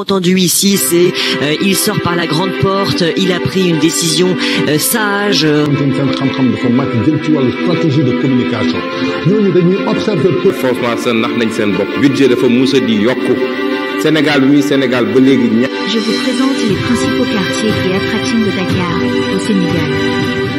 entendu ici, c'est euh, il sort par la grande porte, il a pris une décision euh, sage. stratégie de communication ñooñu dañuy observer peu. François budget de muus a Yoko, Sénégal oui Sénégal ba Je vous présente les principaux quartiers et attractions de Dakar au Sénégal.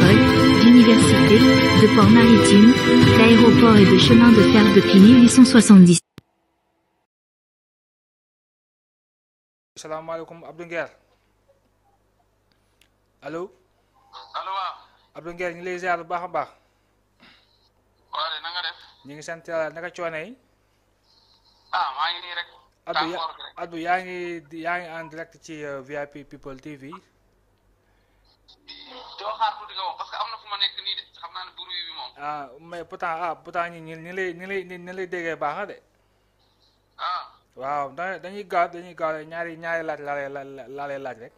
Paul, l'université, de port maritime, l'aéroport et de chemin de fer depuis 1870. salaamaaleykum Abdou Nguer allo. allo waaw. lay ziar bu baax a baax. de na def. ñu ngi sant yàlla naka coono yi. ah maa ngi yaa ngi yaa ngi en direct ci VIP People TV. doo xaar parce que am na fu ma nekk nii de xam naa ne bruit bi moom. ah mais pourtant ah pourtant ñi ñu lay ñu lay ñu lay déggee baax na de. waaw da dañuy gaaw dañuy gaaw ñaari ñaari laaj laa lay laa laaj rek.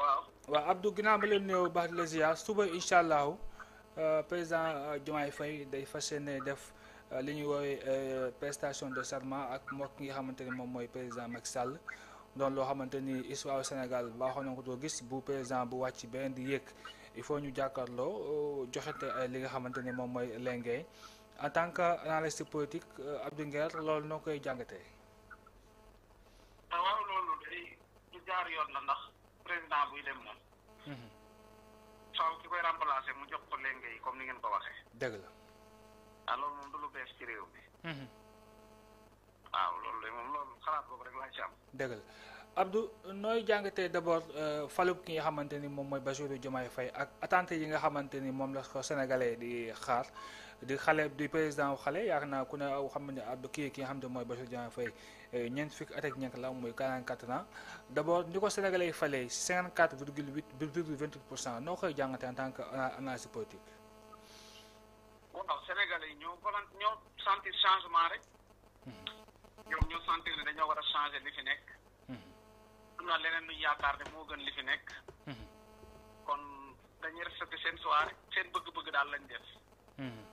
waaw. waaw Abdou ginnaaw ma leen nuyoo baax di suba incha allahu euh, président euh, Diomaye fay day fas yéene def euh, li ñuy woowee prestation de serment ak mbokk yi nga xamante ni moom mooy président mag sàll doon loo xamante ni histoire Sénégal baaxoo na ko doo gis bu président bu wàcc beneen di yéeg il faut ñu jàkkaarloo joxete li nga xamante ni moom mooy lengee en tant que analyste politique euh, Abdou Nguer loolu noo koy jàngatee. Ah, waaw loolu day du jaar yoon la ndax président buy dem moom. Mhm. faaw ki koy remplacé mu jox ko lenge yi comme ni ngeen ko waxee. dëgg la. ah loolu moom du lu bees ci mhm. am. dëgg la Abdou nooy jàngatee d' abord euh, falub ki nga xamante ni moom mooy ba Bassirou Diomaye Faye ak attente yi nga xamante ni moom la ko sénégalais di xaar. di xale di président wu xale yaakaar naa ku ne aw xam ne addu kii ki xam ne mooy Bassirou Diomaye Faye eh, ñeent fukki at ak ñeent la am mooy 44 ans d' abord ni ko Sénégalais yi falee 54 virgule 8 virgule 28 pour cent noo koy jàngatee en tant que analyse politique. waaw Sénégalais yi ñoo volont ñoo sentir changement rek. Hmm. ñoom ñoo sentir ne dañoo war a changer li fi nekk. Hmm. am na leneen lu yaakaar ne moo gën li fi nekk. Hmm. kon dañuy respecté seen soirée seen bëgg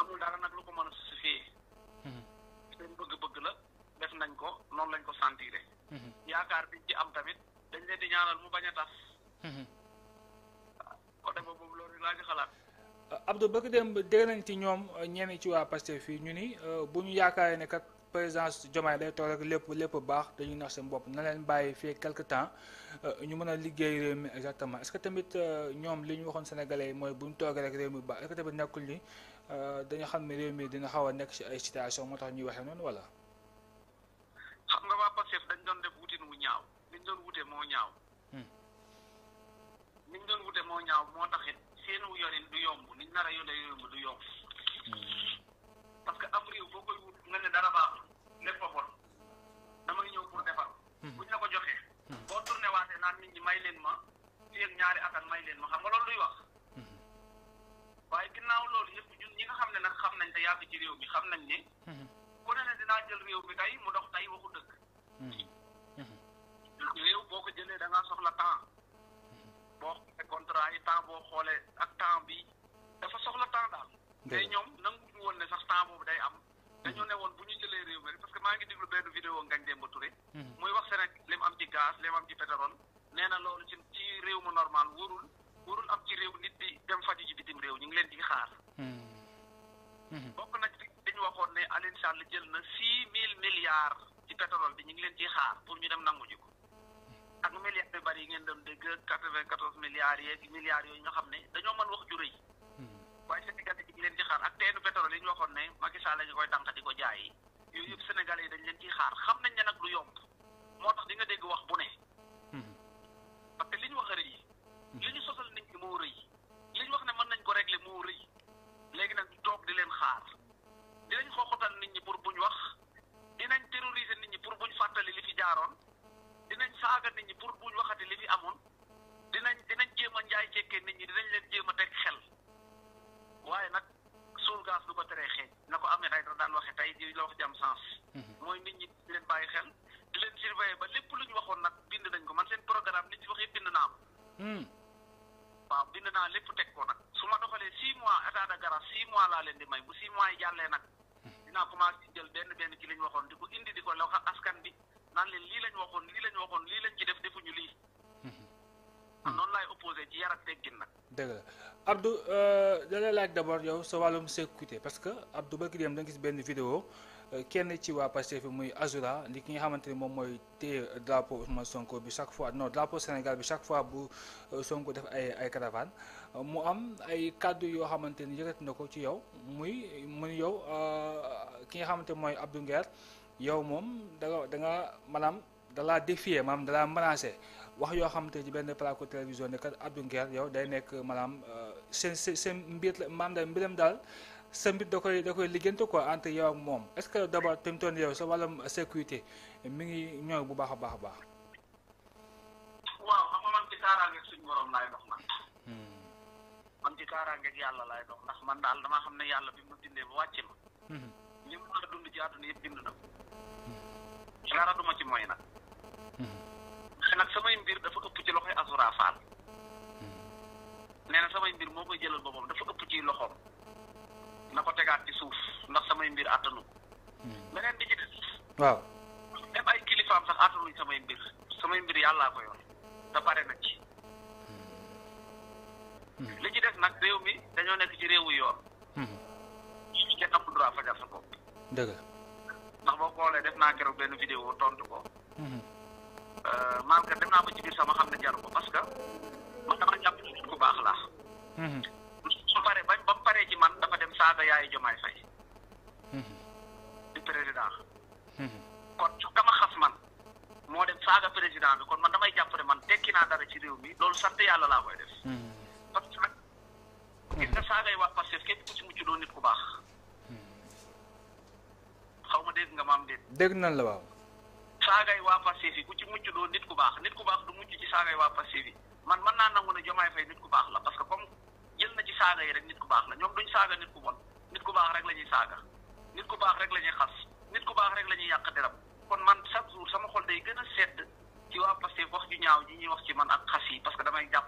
amul dara nak lu ko mëna justifier seen bëgg bëgg la def nañ ko noonu lañ ko sentiré yaakaar biñ ci am tamit dañ leen di ñaanal mu bañ a tas côté boobu loolu laa ci xalaat abdou bëgg dem dégg nañ ci ñoom ñenn ci waa pasteur fii ñu ni eh, bu ñu yaakaaree ne kat présidence jomaay day toog rek lépp lépp baax dañuy nax seen bopp na leen bàyyi fii quelque temps ñu mën liggéey réew exactement est ce que tamit ñoom li ñu sénégalais mooy bu ñu rek réew mi baax est ce que tamit nekkul ni Euh, dañu xam ne réew mi dina xaw a nekk si ay situation moo tax ñuy waxee noonu wala. xam nga waa Pastef dañ doon def wutin wu ñaaw liñ doon wute moo ñaaw. Hmm. liñ doon moo ñaaw moo taxit seenu yorin du yomb niñ nar a yoree yomb du yomb. Hmm. parce que am réew boo koy wut nga ne dara fa lépp a bon damay ñëw pour defar. Hmm. buñ la ko joxee. boo tourné waatee naan nit ñi may leen ma fii ak ñaari atal may leen ma xam nga loolu luy wax. waaye ginnaaw loolu xam ne nag xam nañ te yàgg ci réew mi xam nañ ni mhm. ku ne ne dinaa jël réew mi tey mu dox tey waxu dëkk mhm. mhm. réew boo ko jëlee da ngaa soxla temps boo xoolee contrat yi temps xoolee ak temps bi dafa soxla temps daal. mais ñoom nanguñu woon ne sax temps bu day am dañoo ne woon bu ñu jëlee réew mi parce que maa ngi déglu benn vidéo Ngagne Demba Touré. muy wax Sénégal li am ci gaz li mu am ci pétrole nee na loolu ci ci réew mu normal warul warul am ci réew nit di dem faju ji bitim ñu ngi leen di xaar. Mhm. bokk na ci dañu waxoon ne Alioune Sall jël na six mille milliards ci pétrole bi ñu ngi leen ciy xaar pour ñu dem nangu ji ko ak milliards yu bëri yi ngeen doon dégg quatre vingt quatorze milliards yeeg milliards yooyu nga xam ne dañoo mën wax ju rëy mhm. waaye Sénégal yi ñu ngi leen ci xaar ak teenu pétrole yi ñu waxoon ne Macky Sall la ñu koy tànq di ko jaay ñi dinañ leen jéem a teg xel waaye nag suul gaz du ko teree xeeñ na ko amee ay daan waxe tey di la wax jàmm sens. Mhm. mooy nit ñi leen bàyyi xel di leen surveiller ba lépp lu ñu waxoon nag bind nañ ko man seen programme li ci wax yëpp bind naa ko. Hmm. waaw bind naa lépp teg ko nag su ma doxalee six mois état de grâce six mois laa leen di may bu six mois yi jàllee nag mhm. dinaa commencé jël benn benn ci li ñu waxoon di ko indi di ko la wax askan bi naan leen lii lañ waxoon lii lañ waxoon lii lañ ci def defuñu ci yar ak teggin dëgg la Abdou euh, da lay laaj d' abord yow sa wàllum sécurité parce que Abdou barki dem da nga gis benn vidéo euh, kenn ci waa Pastef fi muy Azura li ki nga xamante ni moom mooy téye drapeau Ousmane Sonko bi chaque fois no drapeau Sénégal bi chaque fois bu euh, Sonko def ay ay caravane mu am ay kàddu yoo xamante ni na ko ci yow muy mun yow ki nga xamante mooy Abdou Nguer yow moom da nga da nga maanaam da laa défier maanaam da laa wax yoo xam te ci benn plateau télévision ne kat Abdou Nguer yow day nekk maanaam euh, seen seen mbir la maam daal mbiram daal sa mbir da koy da koy liggéeyante quoi entre yow ak moom est-ce que d'abord fi mu sécurité mi ngi ñëw bu baax a baax a baax. waaw man ci kaaraangeeg suñu borom laay dox man. Hmm. man ci kaaraangeeg yàlla laay dox ndax man daal dama xam ne yàlla bi mu dindee ba wàcce ma. Hmm. li mu dund ci àdduna yëpp bind na ko. Hmm. dara duma ci mooy nag. nag samay mbir dafa ëpp ci loxoy Azoura Fall nee na samay mbir moo koy jëlal boppam dafa ëpp ci loxoom na ko tegaat ci suuf ndax samay mbir àttanu hmm. beneen di ci waaw même kilifaam sax àttanuñ samay mbir samay mbir yàllaa ko yoon te bare na hmm. Hmm. li ci des nag réew mi dañoo nekk ci réewu yoon kenn amul droit fajar sa bopp dëgg ndax boo xoolee def naa keroog benn vidéo tontu ko ji sama xam ne jaru ko parce que man dama jàpp ni nit ku baax laa mhm. su pare ba ba mu paree ci man dafa dem saaga yaay jomaay fay mhm. di président mhm. kon su dama xas man moo dem saaga président kon man damay jàpp ne man tekki naa dara ci réew mi loolu sant yàlla laa koy def parce que mu nga saagay waa Pastef képp ku ci mucc doon nit ku baax xaw ma dégg nga maam déet dégg nan la waaw saagay waa Pastef yi ku ci mucc doo nit ku baax nit ku baax du mucc ci saagay waa Pastef yi man mën naa nangu ne Jomaay Fay nit ku baax la parce que comme jël na ci saaga yi rek nit ku baax la ñoom duñ saaga nit ku bon nit ku baax rek la saaga nit ku baax rek la xas nit ku baax rek la yàq deram kon man chaque jour sama xol day gën a sedd ci waa Pastef wax ñaaw ji ñuy wax ci man ak xas yi parce damay jàpp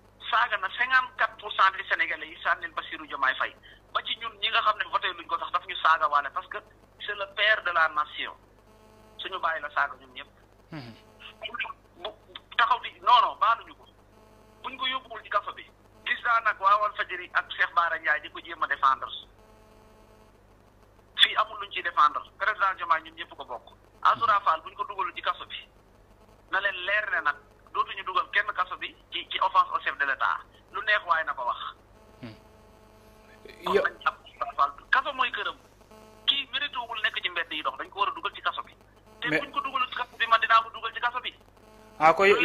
saaga na cinquante quatre pour cent i sénégalais yi ba Bassirou Diomaye Faye ba ci ñun ñi nga xam ne voté luñ ko sax daf ñu saaga waale parce que c'est le père de la nation suñu bàyyi la saaga ñun ñëpp. Hmm. bu taxaw di non non baaluñu ko buñ ko yóbbuwul ci kaso bi gis naa nag waa Walfadjri ak Cheikh Bara Ndiaye di ko jéem a défendre fii amul luñ ciy défendre président Diomaye ñun ñëpp ko bokk. Azoura Fall buñ ko dugalu ci kaso bi na leen leer ne nag. ci ci offense au chef de l'État lu neex waaye na ko wax. yow nañ ab Fall kaso mooy këram kii mérite wul nekk ci mbedd yi dox dañ ko war a dugal ci kaso bi. te buñ ko dugalul ci kaso ko dugal ci kaso bi. ah ko yow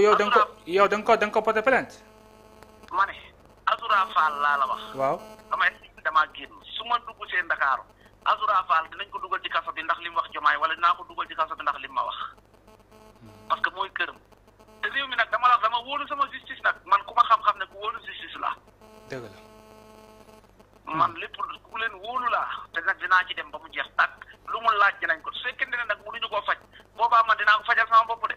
yow da ko yow da ko da nga ko porté plainte. ma ne Azoura laa la wax. waaw damay damaa génn su ma dugg seen Ndakaaru Azoura Fall nañ ko dugal ci kaso bi ndax li mu wax jomaay wala dinaa ko dugal ci kaso bi ndax li mu ma wax parce que mooy këram. wóolu sama justice nak man kuma xam-xam ne ku wóolu justice la dëgg la man lépp ku leen wóolu laa te nag dinaa ci dem ba hmm. eh, mu jeex tàkk lu mu laaj dinañ ko su fekkente ne nag mënuñu koo faj boobaa man dinaa ko fajal sama bopp de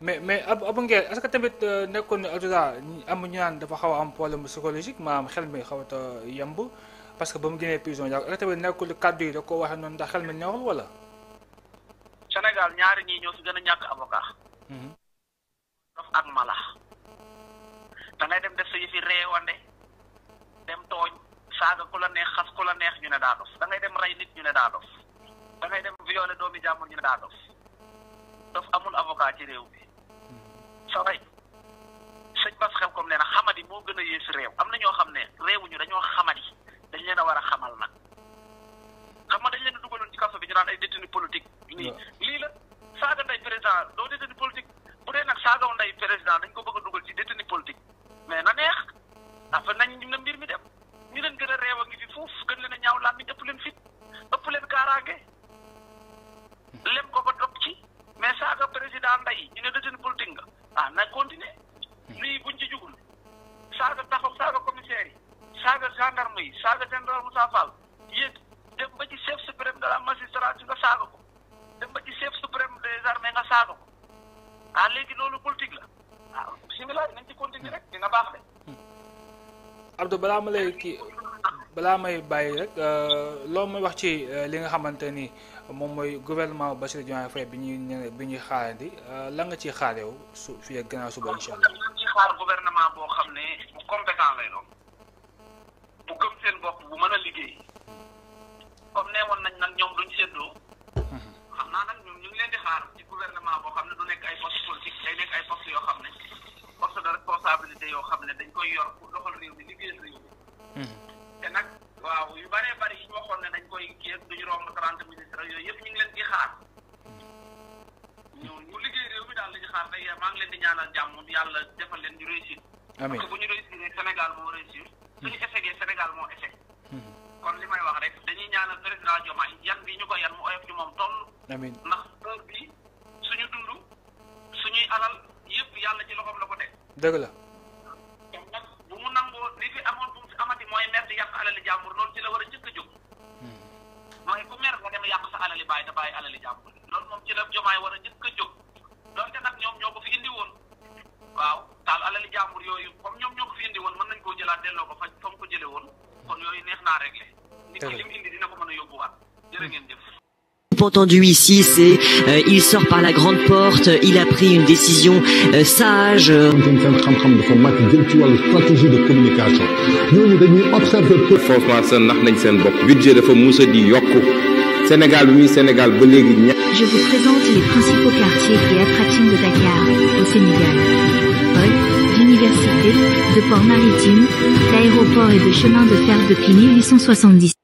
mais mais ab abu ngeen est ce que tamit nekkoon ne Altouzza am ñu naan dafa xaw a am problème psychologique maanaam xel mi xaw a yemb parce que ba mu génnee prison yàgg est ce que nekkul kàddu yi da koo waxee noonu ndax xel mi neexul wala. Sénégal ñaari ñii ñoo fi gën a ñàkk avocat. dof ak mala dangay dem def sa yëfi réewande dem tooñ saaga ko la neex xas ko la neex ñu ne daa dof da ngay dem rey nit ñu ne daa dof da ngay dem violer doomi jàmbur ñu ne daa dof dof amul avocat ci réew bi sa way sëñ Bas xel comme nee na xamadi moo gën a yées réew am na ñoo xam ne réewuñu dañoo xamadi dañ leen a war a xamal na xam nga dañ leen a dugaloon ci kaso bi ñu naan ay détenu politique lii lii la saaga nday président doo détenu politique bu dee nag saagaw nday président dañ ko bëgg a dugal ci détenu politique mais na neex dafa nañ na mbir mi dem ñu leen gën a réew a ngi fi foofu gën leen a ñaaw na baax de. balaa ma lay kii balaa may bàyyi rek euh, loo ma wax ci euh, li nga xamante ni moom mooy gouvernement Bassirou Diomaye Faye bi ñuy ñeneen bi ñuy xaarandi euh, la nga ciy xaar yow su fii ak gannaaw suba incha allah. boo xam ne bu mën a liggéey. comme ne nañ nag ñoom responsabilité yoo xam ne dañ koy yor pour doxal réew mi liggéey réew mi hmm. te nag waaw yu bëree bëri yi ñu waxoon ne dañ koy kii ak duñu romb trente ministres yooyu yëpp ñu ngi leen di xaar ñu ñu liggéey réew mi daal la ñu xaar tey maa ngi leen di ñaanal jàmm yàlla defal leen ñu réussir amiin parce que bu ñu réussir Sénégal moo hmm. Sénégal moo échec hmm. kon li may wax rek dañuy ñaanal président Diomaye yan bi ñu ko yan mu oyof ci moom toll amiin ndax heure bi suñu dund suñuy alal yëpp yàlla ci loxoom la ko teg dëgg la alali bàyyi te bàyyi alali jàmbur loolu moom ci la jomaay war a njëkk a jóg donte nag ñoom ñoo ko fi indi woon waaw taal alali jàmbur yooyu comme ñoom ñoo ko fi indi woon mën nañ koo jëlaat delloo ko fa fa ko jële woon kon yooyu neex naa réglé nit ki li indi dina ko mën a yóbbuwaat jërë ngeen jëf entendu ici, c'est euh, il sort par la grande porte, il a pris une décision euh, sage. xam-xam dafa màcc jëm ci wàllu stratégie de nañ seen bopp budget dafa musa di yokk. Sénégal oui, Sénégal Je vous présente les principaux quartiers et attractions de Dakar, au Sénégal. Hall, l'université, de port maritime, d'aéroport et de chemin de fer depuis 1870.